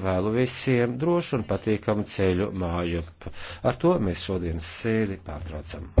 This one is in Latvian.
Vēlu visiem drošu un patīkamu ceļu māju. Ar to mēs šodienas sēdi pārtraucam.